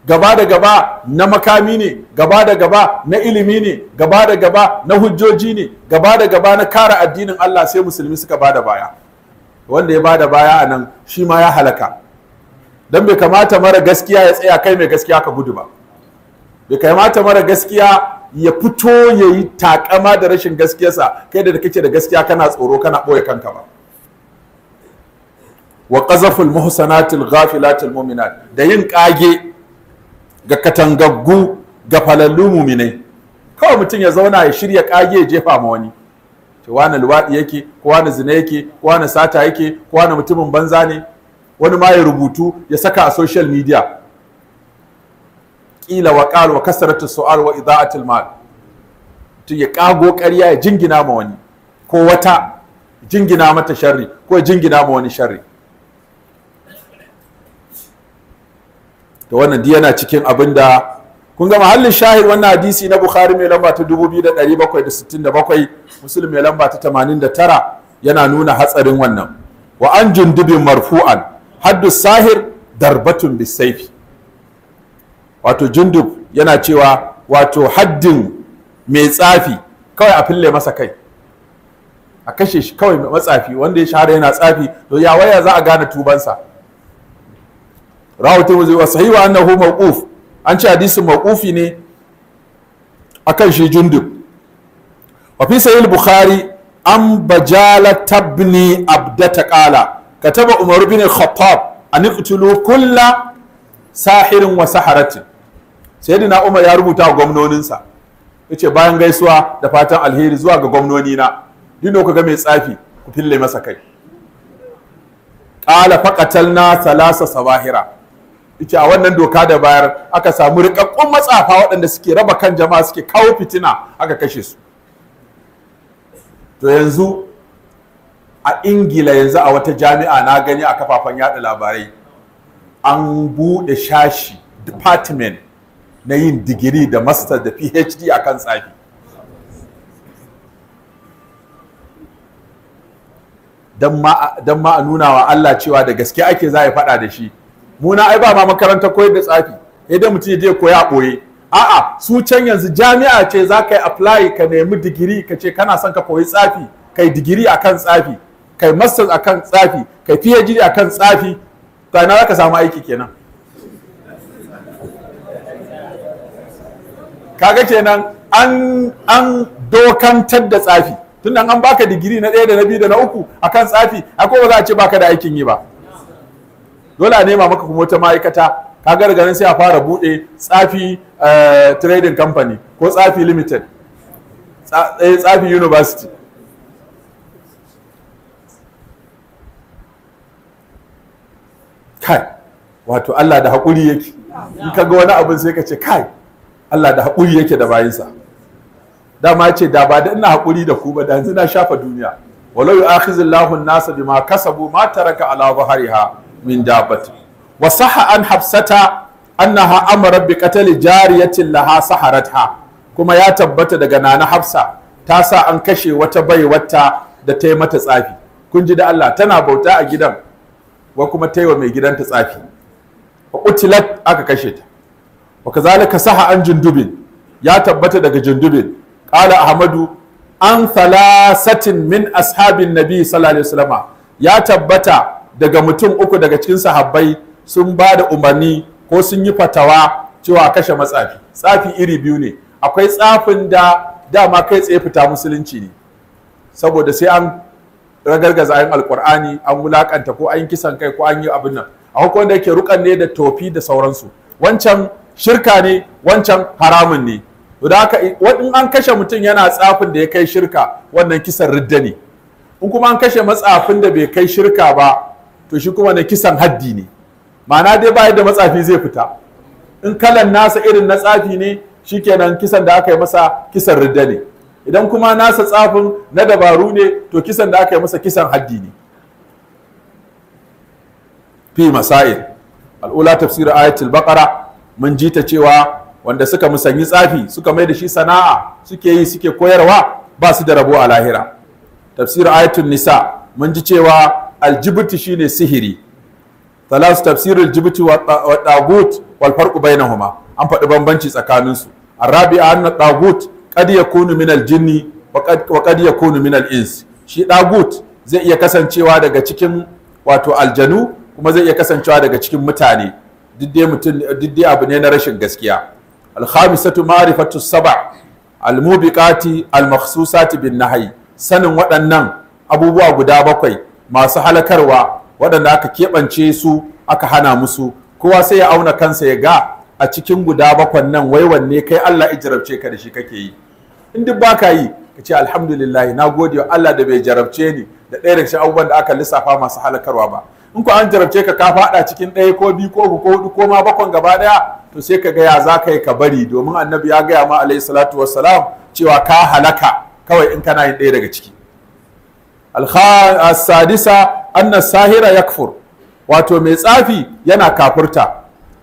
Speaker 1: gaba da gaba na makami ne gaba da gaba na ilimi ne gaba da gaba na hujjoji ne gaba da gaba na kare addinin Allah sai musulmi suka ba da baya wanda ya ba da baya a nan shi ma ya halaka don bai kamata mara gaskiya ya tsaya kai mai gaskiya ka gudu ba bai kamata mara gaskiya ya fito ya yi takama da rashin gaskiyarsa kai da kake da gaskiya kana tsoro kana ɓoye kanka ba wa qazaful muhsanatil ghafilatil mu'minat da yin ƙage. ga katangaggu ga falallu mu'minai kawai mutum ya zauna ya shirya kage ya jefa ma wani to wani luwaɗi yake ko wani zina yake ko wani sata yake ko wani mutumin banza ne wani ma ya rubutu ya saka a social media ƙila wa ƙal wa kasaratu su'al wa ida'atul mal to ya ƙago ƙarya ya jingina ma wani ko wata jingina mata sharri ko ya jingina ma wani sharri to wannan di yana cikin abin da kun ga mahallin shahid wannan hadisi na bukhari mai lamba ta 2767 muslim mai lamba ta 89 yana nuna hatsarin wannan wa an jundubin marfu'an haddu sahir darbatun bisaifi wato jundub yana cewa wato haddin mai tsafi kawai a fille masa kai a kashe shi kawai matsafi wanda ya shahara yana tsafi to ya waya za a gane tubansa Rahoton wuzi wa sahi wa annahu mawquf an ce hadisin mawqufi ne akan shi jundub wa fi sahih bukhari an bajala tabni abdata qala kataba umar bin khattab an iqtulu kulla sahirin wa saharatin sayyidina umar ya rubuta wa gwamnoninsa ce bayan gaisuwa da fatan alheri zuwa ga gwamnoni na duk ku ga mai tsafi ku fille masa kai Ƙala qala na salasa sabahira ce a wannan doka da bayar aka samu rikakkun matsafa waɗanda suke raba kan jama'a suke kawo fitina aka kashe su to yanzu a ingila yanzu a wata jami'a na gani a kafafen yaɗa labarai an buɗe shashi department na yin digiri da master da phd a kan tsafi don ma a nuna wa Allah cewa da gaske ake za a faɗa da shi muna ai ba ma makarantar koyar da tsafi idan mutum je koya a ɓoye a'a su can yanzu jami'a ce za ka yi apply ka nemi digiri ka ce kana son ka koyi tsafi kai digiri a kan tsafi kai masters kan tsafi kai phd a kan tsafi to ina za ka samu aiki kenan kaga kenan an an dokantar da tsafi tunda an baka digiri na ɗaya da na biyu da na uku akan tsafi akwai ba za a ce baka da aikin yi ba dole a nema maka kuma wata ma'aikata kaga daga nan sai a fara buɗe tsafi eh, trading company ko tsafi limited eh, tsafi university kai wato Allah da hakuri yake in ka ga wani abin sai ka ce kai Allah da haƙuri yake da bayinsa dama ce da ba da ina haƙuri da ku ba da yanzu na shafa duniya walau yu'akhizullahu an-nasa bima kasabu ma taraka ala dhahriha min dabbati wa sahha an hafsata annaha amara bi cilla jariyatin laha saharatha kuma ya tabbata daga nana hafsa ta sa an kashe wata baiwarta da ta yi mata tsafi kun ji da Allah tana bauta a gidan wa kuma ta yi wa mai gidan ta tsafi utilat aka kashe ta wa kazalika saha an jundubin ya tabbata daga jundubin qala ahmadu an thalathatin min ashabin nabi sallallahu alaihi wasallama ya tabbata daga mutum uku daga cikin sahabbai sun ba da umarni ko sun yi fatawa cewa kashe matsafi tsafi iri biyu ne akwai tsafin da dama kai tsaye fita musulunci ne saboda sai an ragargaza ayin alkur'ani an wulakanta ko an kisan kai ko an yi abin nan a wanda yake rukan ne da tofi da sauransu wancan shirka ne wancan haramun ne da in an kashe mutum yana tsafin da ya kai shirka wannan kisan ridda ne in kuma an kashe matsafin da bai kai shirka ba to shi kuma na kisan haddi ne ma'ana dai ba da matsafi zai fita in kalan nasa irin na tsafi ne shi kenan kisan da aka yi masa kisan ridda ne idan kuma nasa tsafin na dabaru ne to kisan da aka yi masa kisan haddi ne fi masail al'ula tafsir ayatul baqara mun ji ta cewa wanda suka musanyi tsafi suka mai da shi sana'a suke yi suke koyarwa ba su da rabo a lahira tafsir ayatul nisa mun ji cewa aljibuti shine sihiri talasu tafsir aljibuti wa tagut wal farqu bainahuma an faɗi bambanci tsakanin su arabi'a anna tagut qad yakunu min aljinni wa qad yakunu min alins shi tagut zai iya kasancewa daga cikin wato aljanu kuma zai iya kasancewa daga cikin mutane didde mutum didde abu ne na rashin gaskiya alhamisatu ma'rifatu saba almubiqati almakhsusati bin nahyi sanin waɗannan abubuwa guda bakwai masu halakarwa waɗanda aka keɓance su aka hana musu kowa sai ya auna kansa ya ga a cikin guda bakwan nan wai wanne kai Allah jarabce ka da shi kake yi in duk baka yi ka ce alhamdulillah na gode wa Allah da bai jarabce ni da ɗaya daga abubuwan da aka lissafa masu halakarwa ba in ku an jarabce ka ka faɗa cikin ɗaya ko biyu ko uku ko huɗu ko ma bakon gaba ɗaya to sai ka gaya za ka yi ka bari domin annabi ya gaya ma alayhi salatu wassalam cewa ka halaka kawai in kana yin ɗaya daga ciki sadisa anna sahira yakfur wato mai tsafi yana kafurta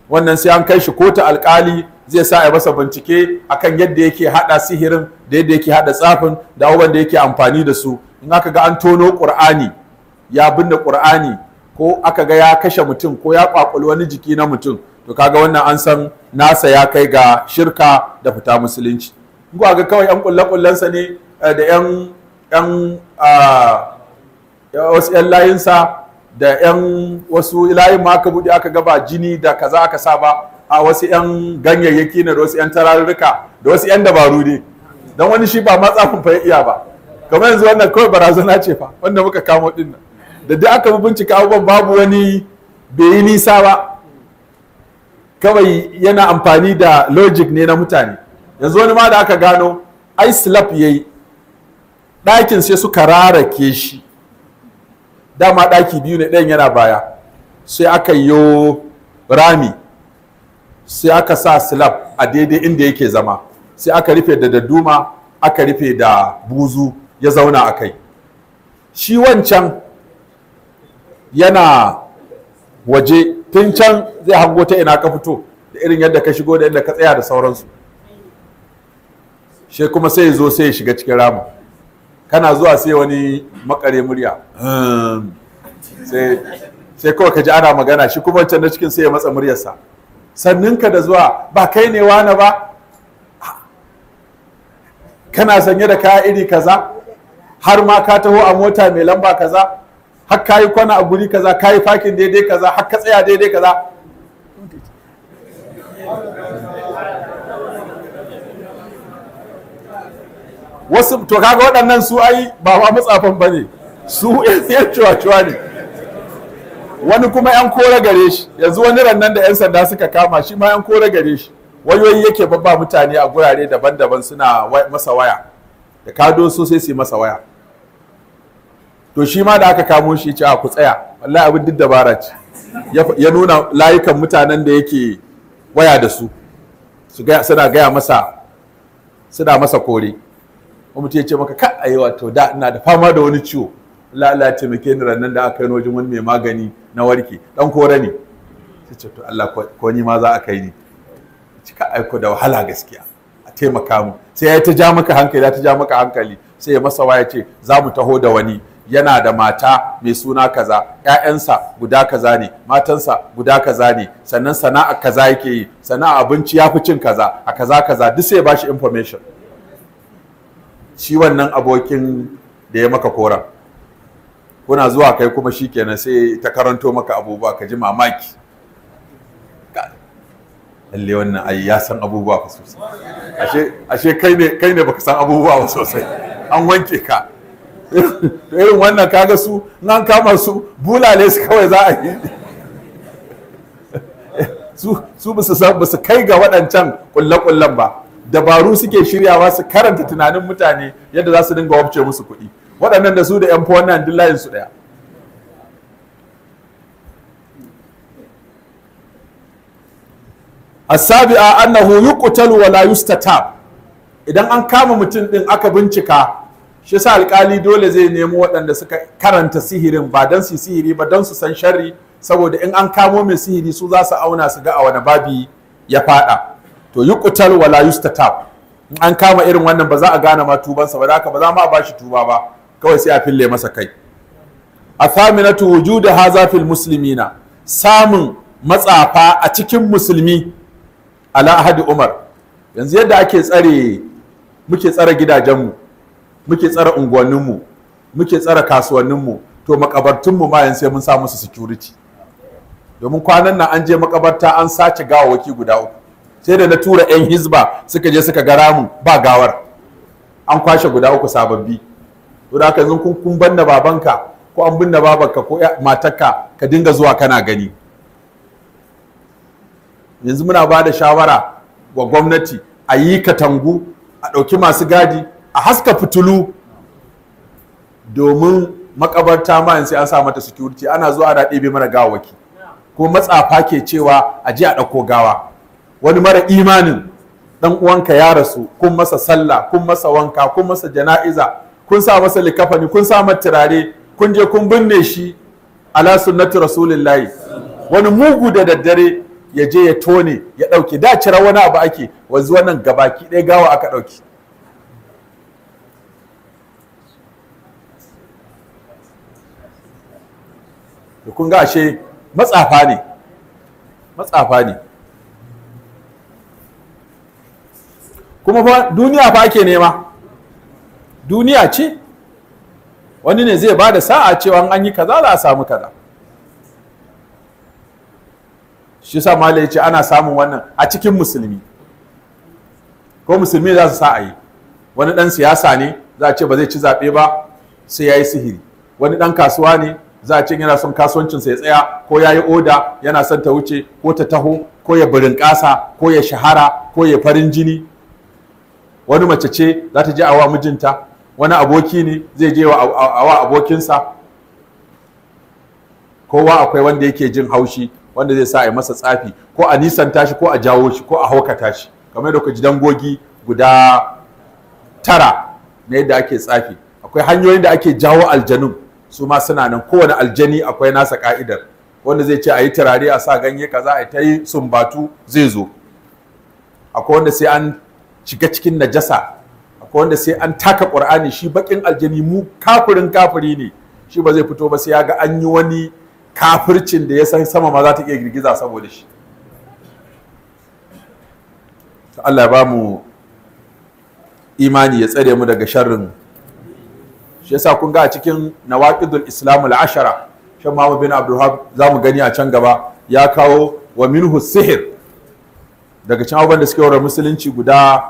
Speaker 1: wannan sai an kai shi kota alkali zai sa ya masa bincike akan yadda yake hada sihirin da yadda yake hada tsafin da abubuwan da yake amfani da su in aka ga an tono qur'ani ya binne qur'ani ko aka ga ya kashe mutum ko ya kwakwali wani jiki na mutum to kaga wannan an san nasa ya kai ga shirka da fita musulunci In ga kawai yan kulle ne eh, da yan yan ah, wasu yan layinsa da yan wasu layin ma aka bude aka gaba jini da kaza aka sa ba a wasu yan ganyayyaki na, da wasu yan tararruka da wasu yan dabaru ne don wani shi ba matsafin fa iya ba kamar yanzu wannan kawai barazana ce fa wanda muka kamo ɗin da duk aka bincika abubuwan babu wani bai yi nisa ba kawai yana amfani da logic ne na mutane yanzu wani ma da aka gano ai slap ya yi ɗakin sai suka ke shi dama ɗaki biyu ne ɗayan yana baya sai aka yo rami sai aka sa slap a daidai inda yake zama sai aka rufe da dadduma aka rufe da buzu ya zauna a kai shi wancan yana waje tun can zai hango ta ina ka fito da irin yadda ka shigo da yadda ka tsaya da sauransu shi kuma sai zo sai ya shiga cikin ramu kana zuwa sai wani makare murya sai kawai ka ji ana magana shi kuma wancan na cikin sai ya matsa muryarsa sanninka da zuwa ba kai ne wani ba kana sanye da kaya iri kaza har ma ka taho a mota mai lamba kaza har ka yi kwana a guri kaza ka yi fakin daidai kaza har ka tsaya daidai kaza wasu to kaga waɗannan su ai ba ma mutsafan ba ne su yan cuwa-cuwa ne wani kuma yan kore gare shi yanzu wani rannan da yan sanda suka kama shi ma yan kore gare shi wayoyi yake babba mutane a gurare daban-daban suna masa waya da kado sosai sai su yi masa waya to shi ma da aka kamo shi ce a ku tsaya wallahi abin duk dabara ce ya nuna layukan mutanen da yake waya da su suna gaya masa suna masa kore mutum ya ce maka ka a yi wato da ina da fama da wani ciwo Allah ya taimake ni rannan da aka yi wajen wani mai magani na warke dan kore ne sai ce to Allah ko ni ma za a kai ni ka aiko da wahala gaskiya a taimaka mu sai ya ta ja maka hankali ya ta ja maka hankali sai ya masa waya ce za mu taho da wani yana da mata mai suna kaza ƴaƴansa guda kaza ne matansa guda kaza ne sannan sana'a kaza yake yi sana'a abinci ya fi cin kaza a kaza kaza duk sai ba shi information shi wannan abokin da ya maka koran kuna zuwa kai kuma shi kenan sai ta karanto maka abubuwa ka ji mamaki lalle wannan ai ya san abubuwa fa sosai ashe kai ne kai ne baka san abubuwa ba sosai an wanke ka to irin wannan kaga su nan kama su bulale su kawai za a yi su ba su kai ga waɗancan ƙulle-ƙullen ba dabaru suke shiryawa su karanta tunanin mutane yadda za su dinga wabce musu kuɗi waɗannan da su da 'yan wannan duk layin su ɗaya asabi'a annahu yuqtalu wa yustatab idan an kama mutum ɗin aka bincika shi sa alkali dole zai nemo waɗanda suka karanta sihirin ba don su sihiri ba don su san sharri saboda in an kamo mai sihiri su za su auna su ga a wani babi ya fada to yi kutar wala yustatab in an kama irin wannan ba za a gane ma tubansa ba haka ba za ma ba shi tuba ba kawai sai a fille masa kai A athaminatu ha hadha fil na samun matsafa a cikin musulmi ala ahadi umar yanzu yadda ake tsare muke tsare gidajenmu muke tsara unguwanninmu muke tsara kasuwanninmu to makabartunmu ma yanzu sai mun sa musu security domin kwanan nan an je makabarta an sace waki guda uku sai da na tura 'yan hizba suka je suka gara mu ba gawar an kwashe guda uku sababbi to da yanzu kun kun banna babanka ko an binne babanka ko matarka ka dinga zuwa kana gani yanzu muna ba da shawara wa gwamnati a yi katangu a ɗauki masu gadi a haska fitulu domin makabarta ma sai an sa mata security ana zuwa ana ɗebe mana gawaki ko matsafa ke cewa a ji a ɗauko gawa wani mara imanin ɗan uwanka ya rasu kun masa sallah kun masa wanka kun masa jana'iza kun sa masa likafani kun sa masa turare kun je kun binne shi ala sunnati rasulillahi wani mugu da daddare ya je ya tone ya ɗauki da cira wani abu ake wanzu wannan gabaki ɗaya gawa aka ɗauki da kun ga ashe matsafa ne matsafa ne kuma fa duniya fa ake nema duniya ce wani ne zai ba da sa'a cewa an yi kaza za a samu kaza shi sa mala ya ce ana samun wannan a cikin musulmi ko musulmi za su sa yi wani ɗan siyasa ne za a ce ba zai ci zaɓe ba sai ya yi sihiri wani ɗan kasuwa ne za a ce yana son kasuwancinsa ya tsaya ko ya yi oda yana son ta wuce ko ta taho ko ya birin ƙasa ko ya shahara ko ya farin jini wani mace ce za ta je a wa mijinta wani aboki ne zai je a wa abokinsa kowa akwai wanda yake jin haushi wanda zai sa a masa tsafi ko a nisan tashi ko a jawo shi ko a haukata shi kamar da ku ji dangogi guda tara na yadda ake tsafi akwai hanyoyin da ake jawo aljanun su ma suna nan kowane aljani akwai nasa ka'idar wanda zai ce a yi turare a sa ganye kaza a ta yi sumbatu zai zo akwai wanda sai an shiga cikin najasa akwai wanda sai an taka ƙur'ani shi bakin aljani mu kafirin kafiri ne shi ba zai fito ba sai ya ga an yi wani kafircin da ya san sama ma za ta iya girgiza saboda shi Allah ya ba mu imani ya tsare mu daga sharrin shi yasa kun ga a cikin nawaqidul islam ashara shan Muhammad bin Abdul za gani a can gaba ya kawo wa minhu sihir daga can abubuwan da suke wa musulunci guda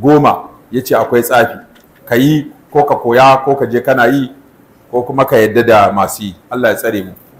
Speaker 1: goma ya ce akwai tsafi ka yi ko ka koya ko ka je kana yi ko kuma ka yadda da masu yi Allah ya tsare mu